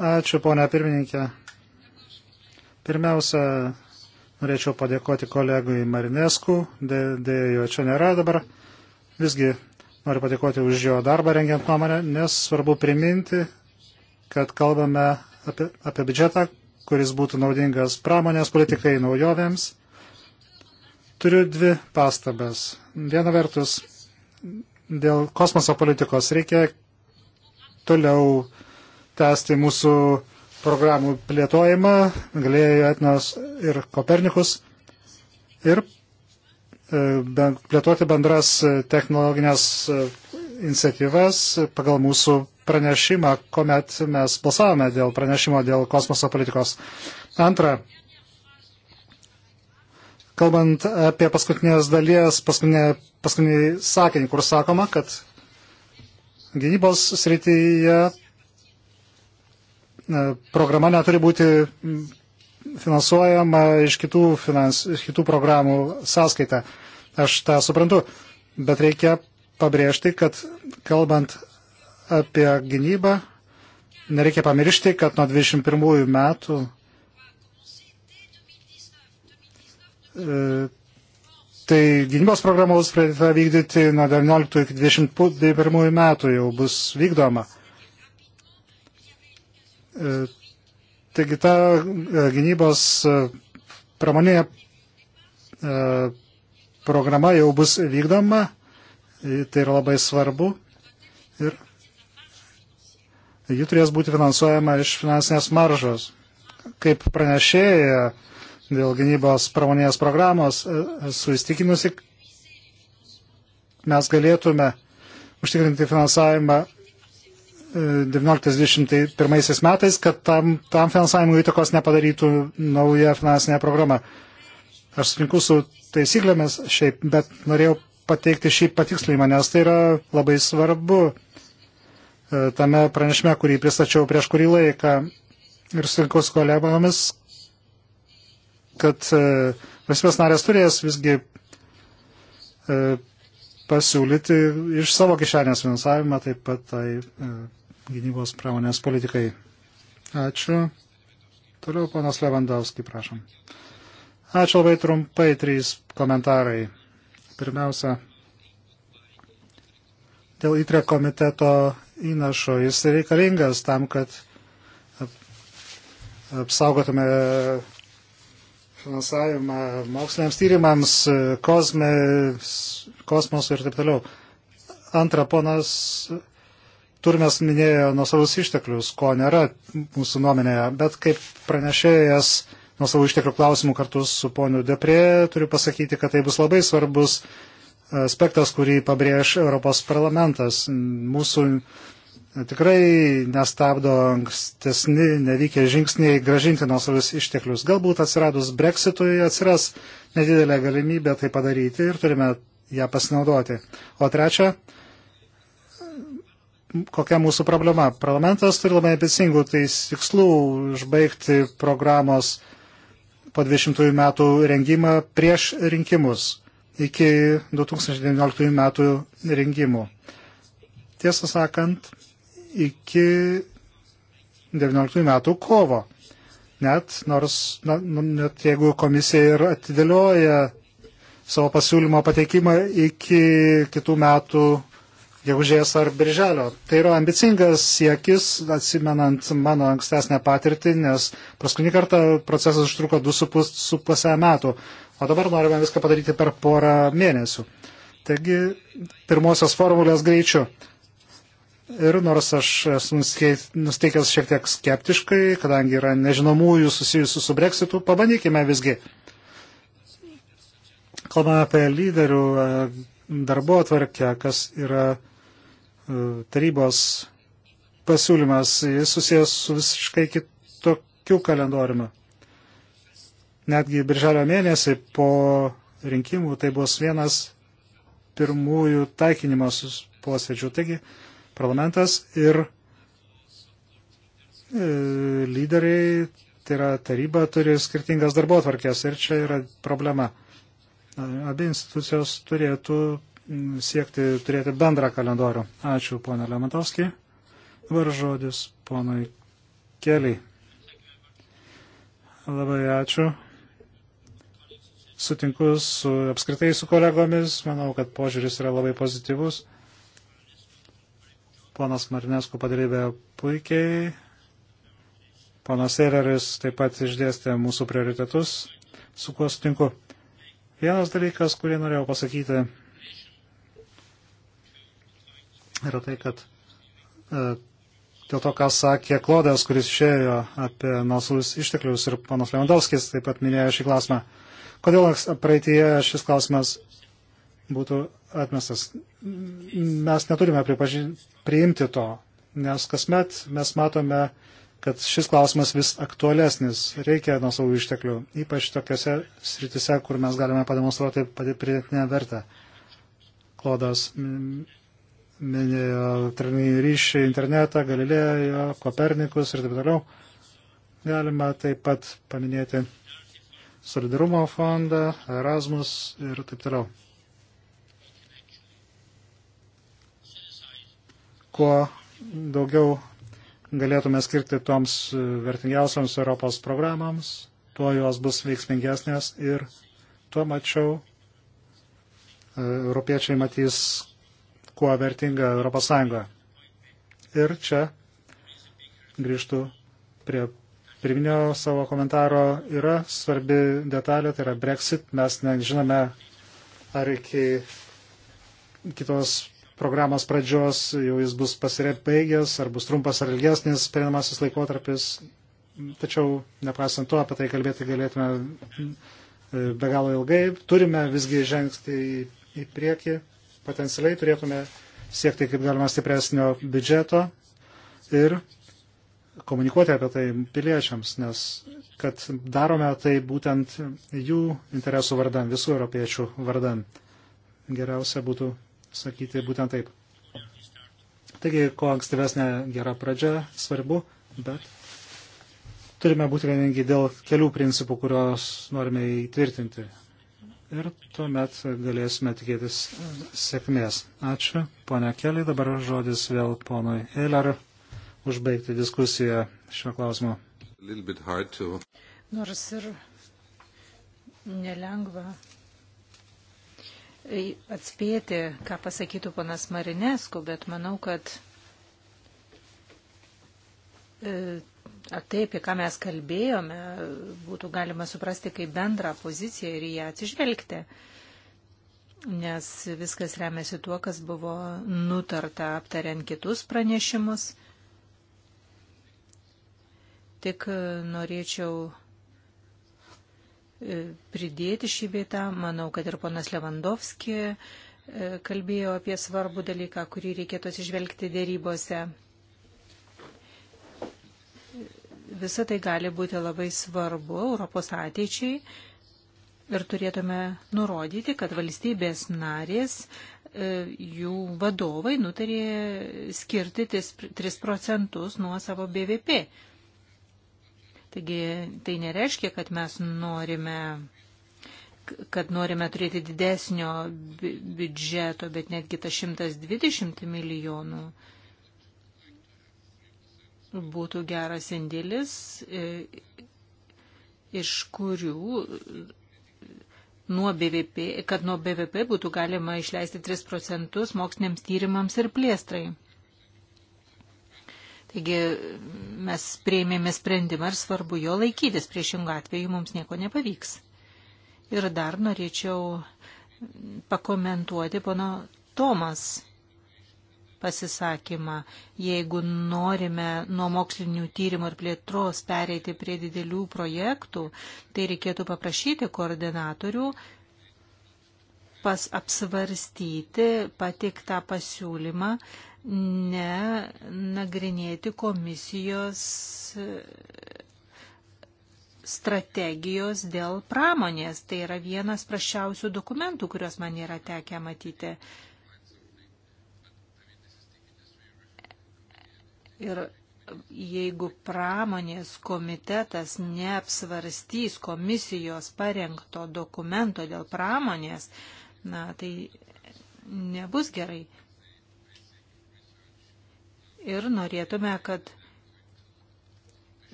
Ačiū ponia pirmininkė. Pirmiausia, norėčiau padėkoti kolegui Marinesku, dėja jo čia nėra dabar. Visgi noriu padėkoti už jo darbą rengiant nuomonę, nes svarbu priminti, kad kalbame apie, apie biudžetą, kuris būtų naudingas pramonės politikai naujovėms. Turiu dvi pastabas. Viena vertus, Dėl kosmoso politikos reikia toliau tęsti mūsų programų plėtojimą, galėjo Etnas ir Kopernikus, ir e, plėtoti bendras technologinės e, iniciatyvas pagal mūsų pranešimą, kuomet mes balsavome dėl pranešimo dėl kosmoso politikos. Antra, Kalbant apie paskutinės dalies, paskutinį, paskutinį sakinį, kur sakoma, kad gynybos srityje e, programa neturi būti finansuojama iš kitų, finans, iš kitų programų sąskaita. Aš tą suprantu, bet reikia pabrėžti, kad kalbant apie gynybą, nereikia pamiršti, kad nuo 21 metų Tai gynybos programos pradėta vykdyti nuo 19 iki 21 metų jau bus vykdoma. E, taigi ta e, gynybos e, pramonė programa jau bus vykdoma, tai yra labai svarbu ir ji turės būti finansuojama iš finansinės maržos. Kaip pranešėja, dėl gynybos pramonės programos, e, esu įstikinusi, mes galėtume užtikrinti finansavimą 1921 e, metais, kad tam, tam finansavimui įtakos nepadarytų nauja finansinė programa. Aš sutinku su taisyklėmis šiaip, bet norėjau pateikti šį patikslimą, nes tai yra labai svarbu e, tame pranešime, kurį pristačiau prieš kurį laiką ir sutinku su kolegomis, kad e, valstybės narės turės visgi e, pasiūlyti iš savo kišenės finansavimą taip pat tai e, gynybos pramonės politikai. Ačiū. Toliau ponas Levandovski, prašom. Ačiū labai trumpai, trys komentarai. Pirmiausia, dėl įtrė komiteto įnašo. Jis reikalingas tam, kad apsaugotume finansavimą moksliniams tyrimams, kosme, kosmosui ir taip toliau. Antra, ponas Turmes minėjo nuosavus išteklius, ko nėra mūsų nuomenėje, bet kaip pranešėjas nuosavų išteklių klausimų kartu su poniu Deprė, turiu pasakyti, kad tai bus labai svarbus aspektas, kurį pabrėž Europos parlamentas. Mūsų tikrai nestabdo ankstesni nevykę žingsniai gražinti nuosavus išteklius. Galbūt atsiradus breksitui atsiras nedidelė galimybė tai padaryti ir turime ją pasinaudoti. O trečia, kokia mūsų problema? Parlamentas turi labai ambicingų tikslų užbaigti programos po 20 metų rengimą prieš rinkimus iki 2019 metų rinkimų. Tiesą sakant, iki 19 metų kovo. Net, nors, na, nu, net jeigu komisija ir atidėlioja savo pasiūlymo pateikimą iki kitų metų gegužės ar birželio. Tai yra ambicingas siekis, atsimenant mano ankstesnę patirtį, nes paskutinį kartą procesas užtruko 2,5 metų, o dabar norime viską padaryti per porą mėnesių. Taigi, pirmosios formulės greičiu. Ir nors aš esu nusteikęs šiek tiek skeptiškai, kadangi yra nežinomųjų susijusių su breksitu, pabandykime visgi. Kalbame apie lyderių e, darbo atvarkę, kas yra e, tarybos pasiūlymas. Jis susijęs su visiškai kitokiu kalendoriumi. Netgi birželio mėnesį po rinkimų tai bus vienas pirmųjų taikinimas posėdžių. Taigi, parlamentas ir e, lyderiai, tai yra taryba, turi skirtingas darbo atvarkės ir čia yra problema. Abi institucijos turėtų siekti turėti bendrą kalendorių. Ačiū, ponė Lematovskiai. Dabar žodis ponui Keliai. Labai ačiū. Sutinku su apskritai su kolegomis. Manau, kad požiūris yra labai pozityvus. Ponas Marinesku padarybė puikiai. Ponas Eireris taip pat išdėstė mūsų prioritetus, su kuo sutinku. Vienas dalykas, kurį norėjau pasakyti, yra tai, kad e, dėl to, ką sakė Klodės, kuris išėjo apie nuosavus išteklius ir panas Lewandowskis taip pat minėjo šį klausimą. Kodėl praeitie šis klausimas būtų atmestas. Mes neturime pripažin... priimti to, nes kasmet mes matome, kad šis klausimas vis aktualesnis. Reikia nuo savo išteklių, ypač tokiuose sritise, kur mes galime pademonstruoti pridėtinę vertę. Klodas minėjo treninį ryšį, internetą, Galilėjo, Kopernikus ir taip toliau. Galima taip pat paminėti solidarumo fondą, Erasmus ir taip toliau. kuo daugiau galėtume skirti toms vertingiausioms Europos programams, tuo jos bus veiksmingesnės ir tuo mačiau e, europiečiai matys, kuo vertinga Europos Sąjunga. Ir čia grįžtų prie pirminio savo komentaro. Yra svarbi detalė, tai yra Brexit. Mes nežinome, ar iki kitos programos pradžios, jau jis bus pasirepaigęs, ar bus trumpas ar ilgesnis perinamasis laikotarpis. Tačiau, nepaisant to, apie tai kalbėti galėtume e, be galo ilgai. Turime visgi žengti į, į priekį, potencialiai turėtume siekti kaip galima stipresnio biudžeto ir komunikuoti apie tai piliečiams, nes kad darome tai būtent jų interesų vardan, visų europiečių vardan. Geriausia būtų sakyti būtent taip. Taigi, kuo ankstyvesnė gera pradžia svarbu, bet turime būti vieningi dėl kelių principų, kuriuos norime įtvirtinti. Ir tuomet galėsime tikėtis sėkmės. Ačiū, ponia Keliai. Dabar žodis vėl ponui Eiler užbaigti diskusiją šio klausimo. Nors ir nelengva atspėti, ką pasakytų ponas Marinesku, bet manau, kad e, tai, apie ką mes kalbėjome, būtų galima suprasti kaip bendrą poziciją ir ją atsižvelgti, nes viskas remiasi tuo, kas buvo nutarta aptariant kitus pranešimus. Tik norėčiau E, pridėti šį beitą. Manau, kad ir ponas Levandovski e, kalbėjo apie svarbų dalyką, kurį reikėtų atsižvelgti dėrybose. Visą tai gali būti labai svarbu Europos ateičiai ir turėtume nurodyti, kad valstybės narės e, jų vadovai nutarė skirti 3 procentus nuo savo BVP. Taigi tai nereiškia, kad mes norime kad norime turėti didesnio biudžeto, bet netgi ta 120 milijonų būtų geras indėlis, e, iš kurių nuo BVP, kad nuo BVP būtų galima išleisti 3 procentus moksliniams tyrimams ir plėstrai. Taigi mes prieimėme sprendimą ir svarbu jo laikytis, priešingų atveju mums nieko nepavyks. Ir dar norėčiau pakomentuoti pono Tomas pasisakymą. Jeigu norime nuo mokslinių tyrimų ir plėtros pereiti prie didelių projektų, tai reikėtų paprašyti koordinatorių pas apsvarstyti patiktą pasiūlymą ne nagrinėti komisijos e, strategijos dėl pramonės. Tai yra vienas prašiausių dokumentų, kuriuos man yra tekę matyti. Ir jeigu pramonės komitetas neapsvarstys komisijos parengto dokumento dėl pramonės, na, tai nebus gerai ir norėtume, kad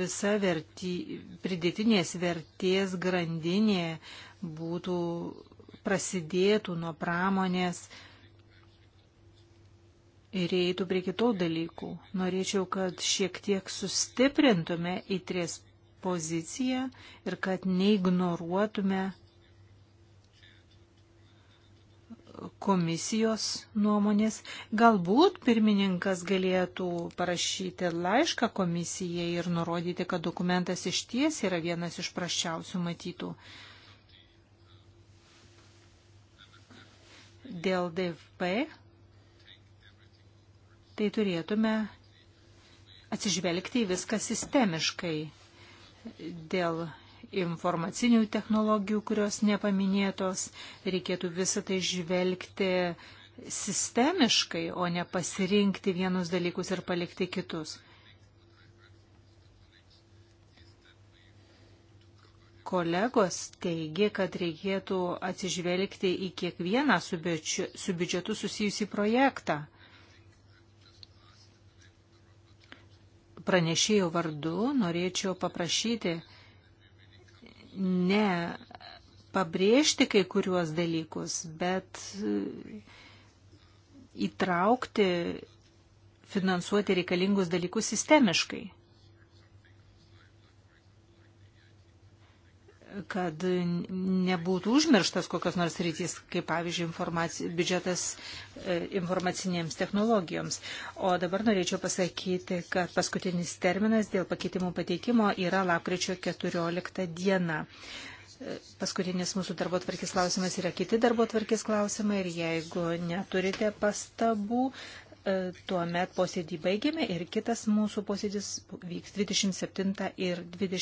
visa verti, pridėtinės vertės grandinė būtų prasidėtų nuo pramonės ir eitų prie kitų dalykų. Norėčiau, kad šiek tiek sustiprintume įtrės poziciją ir kad neignoruotume komisijos nuomonės. Galbūt pirmininkas galėtų parašyti laišką komisijai ir nurodyti, kad dokumentas iš ties yra vienas iš praščiausių matytų. Dėl DFP tai turėtume atsižvelgti į viską sistemiškai dėl informacinių technologijų, kurios nepaminėtos, reikėtų visą tai žvelgti sistemiškai, o ne pasirinkti vienus dalykus ir palikti kitus. kolegos teigia, kad reikėtų atsižvelgti į kiekvieną su biudžetu susijusį projektą. Pranešėjų vardu norėčiau paprašyti ne pabrėžti kai kuriuos dalykus, bet įtraukti, finansuoti reikalingus dalykus sistemiškai. kad nebūtų užmirštas kokios nors rytis, kaip pavyzdžiui, informaci biudžetas e, informacinėms technologijoms. O dabar norėčiau pasakyti, kad paskutinis terminas dėl pakeitimų pateikimo yra lapkričio 14 diena. E, paskutinis mūsų darbo tvarkės klausimas yra kiti darbo tvarkės klausimai ir jeigu neturite pastabų, e, tuomet posėdį baigėme ir kitas mūsų posėdis vyks 27 ir 20.